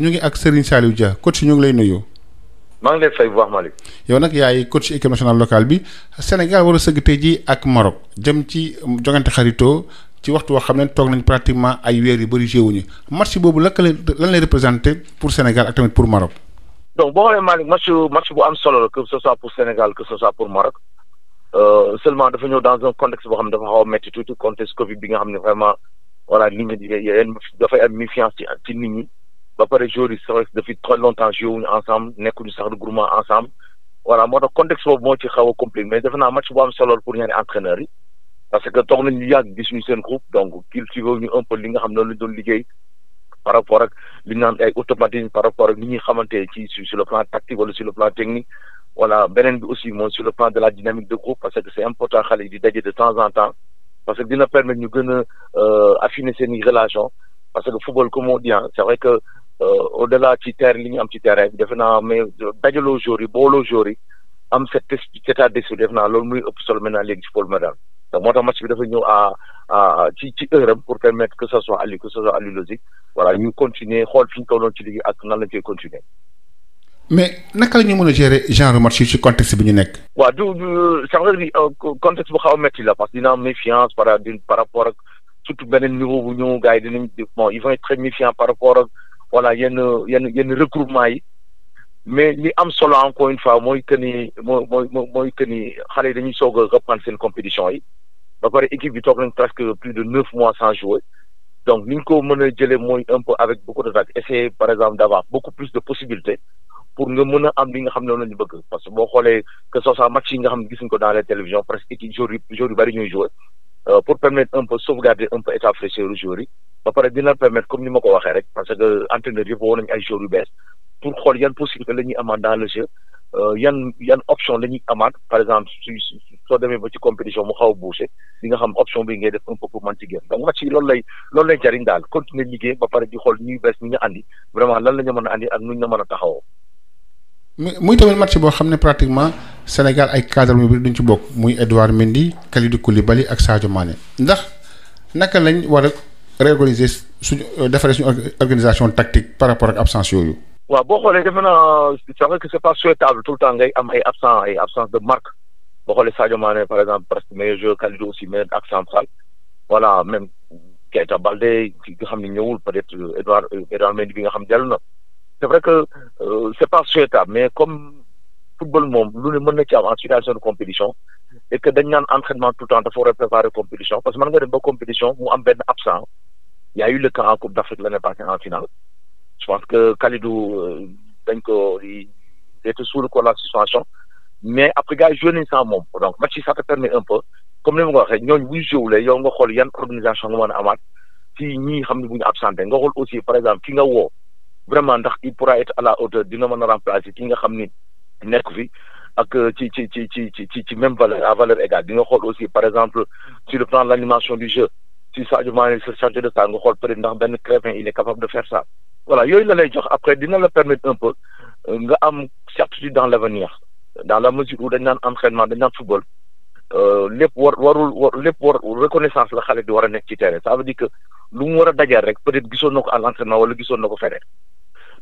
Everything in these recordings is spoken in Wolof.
ñu ngi ak Serigne Saliou Dia coach ñu ngi lay nuyu. maa ngi lay fay bu baax Malick. yow nag yaay coach équipe nationale locale bi Sénégal war a sëgg tey jii ak Maroc jëm ci jongante xaritoo ci waxtu wax xam ne toog nañ pratiquement ay weer yu bëri jéewuñu match boobu lan lay lan lay représenté pour Sénégal ak tamit pour Maroc. donc boo xoolee Malick match match bu am solo la que ce soit pour Sénégal que ce pour Maroc euh, seulement dafa ñëw dans un contexte boo xam ne dafa xaw a métti tuuti contexte Covid bi nga xam ne vraiment voilà nit ñi dafay am ñi. ba pare joueurs yi sax depuis trop longtemps joué wuñu ensemble nekkuñu sax regroupement ensemble voilà moo tax contexte boobu moo ci xaw a compliqué mais defe match bu am solo pour ñaari entraîneurs yi parce que toog nañu yàgg gisuñu seen groupe donc cultivé ñu un li nga xam noonu lañu doon liggéey par rapport ak li naan ay automatisme par rapport ak ni ñuy xamante ci sur le plan tactique wala sur le plan technique voilà beneen bi aussi moom sur le a euh, affiner seen Euh, au delà ci terre li am ci terrain bi defe naa mais dajaloo jour yi booloo jour yi am cet état d'esprit defe naa loolu muy ëpp solo maintenant léegi ci Paul Maidal donc moo tax match bi dafa ñëw ci ci pour permettre que ça soit Aliou que ça soit Aliou logique voilà ñu continuer xool fi ñu ko doon ci liggéey ak nan lañ koy continuer. mais naka la ñu mën a gérer genre match ci contexte bi ñu nekk. waaw du euh, contexte bu xaw a métti la parce que dina méfiance par par rapport voilà yenn yenn yenn regroupement yi mais li am solo encore une fois mooy que mooy mooy que xale dañuy soog a reprendre seen compétition yi ba pare équipe bi toog nañ presque plus de neuf mois sans jouer donc ni ko mën a jëlee mooy un peu avec beaucoup de tact essayer par exemple d'avoir beaucoup plus de possibilités pour nga mën a am li nga xam ne lañu bëgg parce que boo xoolee que ce soit match yi nga xam ne gis nañ ko dans les télévisions presque équipe Euh, pour permettre un peu sauvegarder un peu état fraîcheur joueurs yi ba pare dina permettre comme ni ma ko waxee rek parce que entraîneur yëpp woo nañu ay joueurs bees pour xool yan possibilité la ñuy amaat dans le jeu euh, yan option la amaat par exemple su soo demee ba ci compétition mu xaw a bouché li nga xam option bi ngay def un peu pour mën donc match yi loolu lay loolu lay jariñ daal continuer liggéey ba pare di xool ñuy bees ñi nga andi vraiment lan la ñu mën a andi ak nuñ la mën a taxawoo. muy tamit match boo xam ne pratiquement Sénégal ay cadre yu bëri duñ ci bokk muy Edouard Mendy Kalidou Koulibaly ak Sadio Mané ndax naka lañ war a réorganiser suñu euh, defaree suñu organisation tactique par rapport ak absence yooyu. waaw boo xoolee defe naa c'est vrai que c'est pas souhaitable tout le temps ngay am ay absence de marque boo xoolee Sadio Mané par exemple presque meilleur joueur Kalidou aussi meilleur de central voilà même Keita Baldé ki xam ne ñëwul peut-être euh, Edouard euh, Edouard bi nga xam ne dellu na. c'est vrai que euh, c'est pas souhaitable mais comme football moom lu ne mën na ci am en situation de compétition et que dañ naan entraînement tout le temps dafa war compétition parce que mën nga dem ba compétition mu am benn absent y eu le cas en Coupe d'Afrique l'année passée en finale je pense que Kalidou euh, dañ ko il était sous le coup de mais après gars joué nañ sans moom donc match ça te permet un peu comme ni ma ko waxee ñooñu buy joué yow nga xool yan organisation nga a amaat ci ñi xam ne bu ñu absenté nga xool par exemple ki nga vraiment ndax il a être à la hauteur dina mën a remplacer ki nga xam ni nekk fi ak euh, ci ci ci ci ci ci même valeur à valeur égale di nga xool aussi par exemple sur le plan de l'animation du jeu si Sadio Mané se chargé de ça nga xool peut-être ndax benn Krépin il est capable de faire ça voilà yooyu la lay jox après dina la permettre un peu euh, nga am certitude dans l'avenir dans la mesure où dañ naan entraînement dañ naan football euh, lépp war warul war lépp war reconnaissance la xale di war a nekk ci terrain ça veut lu mu war a dajeel rek peut-être gisoon na ko à l'entraînement wala gisoon na ko feneen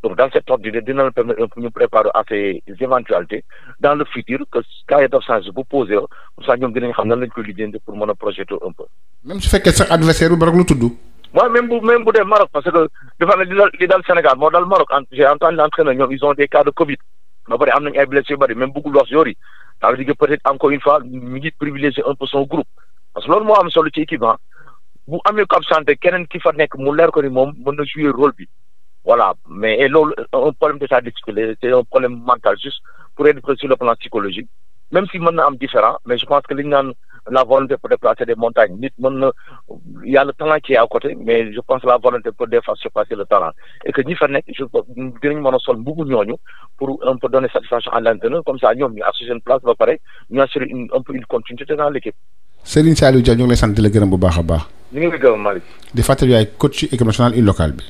donc dans cette ordre dina dina la permettre ñu préparer à ces éventualités dans le futur que cas yi d'absence bu posé woo saa ñoom dinañ xam nan lañ koy lijjanti pour mën a projeter un peu. même su fekkee sax adversaire bu Maroc la tudd. waaw même bu bu dee Maroc parce que dafa li dal Sénégal moo dal Maroc en j'ai entendu l'entraîneur ñoom ils ont des cas de Covid ba pare am nañu bu amee ko absenté keneen ki fa nekk mu leer ko ni moom mën na jouer rôle bi voilà mais et loolu un problème de ça c'est un problème mental juste pour être sur le plan psychologique même si mën na am différent mais je pense que li ñu naan la volonté pour déplacer des montagnes nit mën na y a le talent qui est à côté je pense la volonté peut des fois surpasser le talent et que ñi fa nekk je dinañ mën a sol mbubu ñooñu pour un peu donner satisfaction à l'entraîneur Serigne Saliou Dia ñu sant di la gërëm bu baax a baax. ñu ngi lay gërëm Malick. di fàttali coach équipe nationale et locale bi.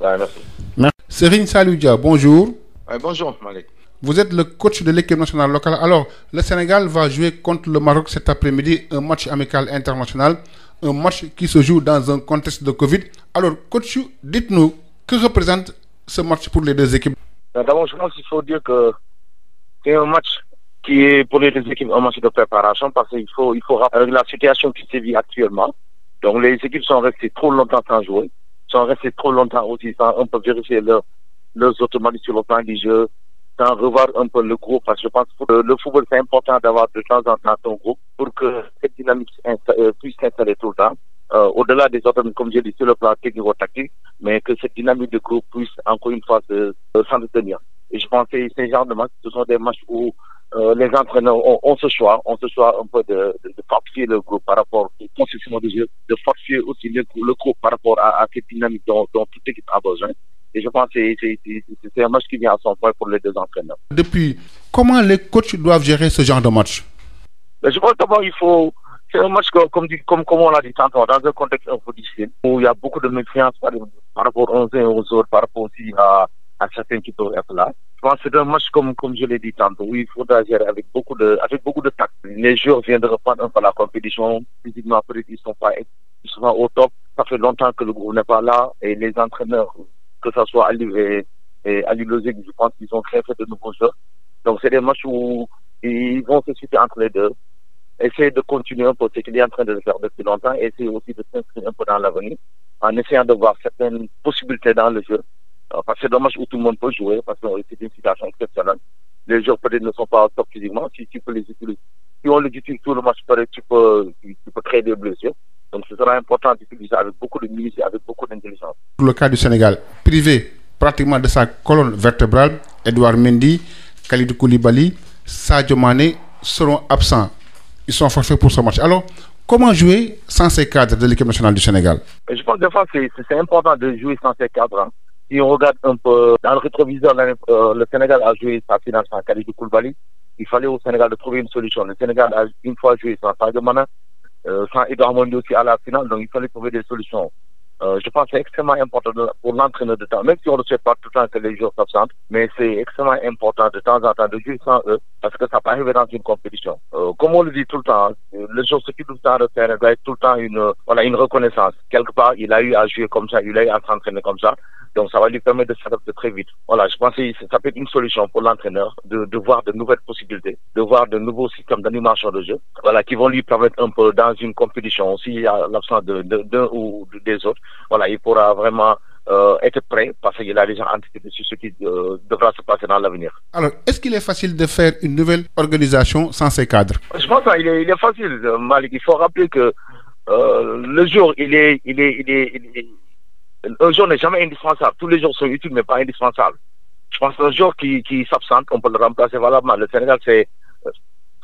waaw merci. merci Serigne Saliou Dia bonjour. waaw bonjour Malick. Vous êtes le coach de l'équipe nationale locale. Alors, le Sénégal va jouer contre le Maroc cet après-midi, un match amical international, un match qui se joue dans un contexte de Covid. Alors, coach, dites-nous, que représente ce match pour les deux équipes D'abord, faut dire que c'est un match qui est pour les équipes un match de préparation parce qu'il faut, rappeler euh, la situation qui sévit actuellement. Donc les équipes sont restées trop longtemps sans jouer, sont restées trop longtemps aussi sans un vérifier leurs automatismes sur le plan du jeu, sans revoir un peu le groupe. Parce que je pense que le, football, c'est important d'avoir de temps en temps ton groupe pour que cette dynamique euh, puisse s'installer tout le temps. Euh, au-delà des autres, euh, les entraîneurs ont, ont, ce choix, un peu de, fortifier le groupe par rapport aux constructions de fortifier aussi le, groupe par rapport à, cette dynamique dont, dont, toute équipe a besoin. Et je pense c'est un match qui vient à son point pour les deux entraîneurs. Depuis, comment les coachs doivent gérer ce genre de match Je pense d'abord il faut c'est un match comme, on l'a dit tantôt, dans un contexte un où il y a beaucoup de méfiance par, par à certains qui peuvent être là. Je pense que c'est un match comme, comme je l'ai dit tantôt, oui, il faudra gérer avec beaucoup de, avec beaucoup de tact. Les joueurs viennent de reprendre un peu la compétition. Physiquement, peut-être, ils sont pas, ils sont au top. Ça longtemps que le groupe n'est pas là et les entraîneurs, que ce soit Ali et, et je pense qu'ils ont créé de nouveaux jeux. Donc, c'est des matchs où ils vont se situer entre Euh, enfin, c'est dommage où tout le monde peut jouer parce que euh, c'est une situation exceptionnelle. Les pas top physiquement. Si tu peux les utiliser, si on les utilise tout le match, tu tu, peux créer des blessures. Donc, ce sera important d'utiliser avec beaucoup de mise et avec beaucoup d'intelligence. Le cas du Sénégal, privé pratiquement de sa colonne vertébrale, Edouard Mendy, Khalidou Koulibaly, Sadio Mané seront Ils sont forfaits pour ce match. Alors, comment jouer sans si on regarde un peu dans le rétroviseur, euh, le Sénégal a joué sa finale sans Kalidou Koulibaly. Il fallait au Sénégal de trouver une solution. Le Sénégal a une fois joué sans Sadio Mané, euh, sans Edouard Mendy aussi à la finale. Donc il fallait trouver des solutions. Euh, je pense que c'est extrêmement important pour l'entraîneur de temps, même si on ne sait pas tout le temps que les joueurs s'absentent, mais c'est extrêmement important de temps en temps de jouer sans eux, parce que ça peut arriver dans une compétition. Euh, comme on le dit tout le temps, euh, le joueur qui tout temps de faire doit être tout le temps une, reconnaissance. Quelque part, il a eu à jouer comme ça, il a eu à s'entraîner comme ça. Donc, ça va lui permettre voilà, il pourra vraiment euh, être prêt parce qu'il a déjà anticipé sur ce qui euh, devra se passer dans l'avenir. Alors, est-ce qu'il est facile de faire une nouvelle organisation sans ces cadres Je pense qu'il faut rappeler que euh, le jour, il est, il est, il est, il est un jour n'est jamais indispensable. Tous les jours sont utiles, mais pas indispensables. Je pense qu'un jour qui s'absente, on peut le remplacer valablement. Le Sénégal, c'est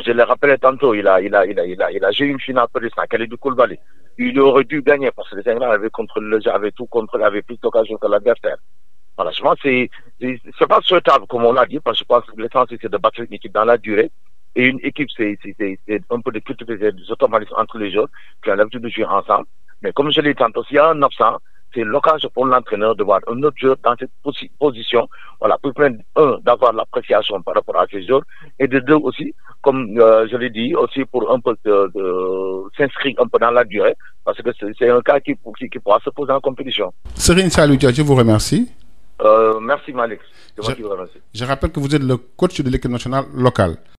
Je le rappelais tantôt, il a, il une finale pour l'Islam, qu'elle est du Koulibaly. Il aurait dû gagner parce que les Anglais avaient contrôlé le jeu, avaient plus d'occasion que l'adversaire. Voilà, je pense que c'est pas souhaitable, comme on l'a dit, parce que je pense que l'essentiel, c'est de battre une équipe dans la durée. Et une équipe, c'est un peu de cultiver des automatismes entre les joueurs qui ont de jouer ensemble. Mais comme je l'ai tantôt, s'il c'est l'occasion pour l'entraîneur de un autre joueur dans cette position, voilà, pour prendre, un, d'avoir l'appréciation par rapport à ces joueurs, et de deux aussi, comme euh, je l'ai dit, pour un peu de, s'inscrire un peu dans la durée, parce que c'est un cas qui, pourra se poser en compétition. Serine Saloudia, je euh, vous remercie. Je, rappelle que vous êtes le coach de l'équipe nationale locale.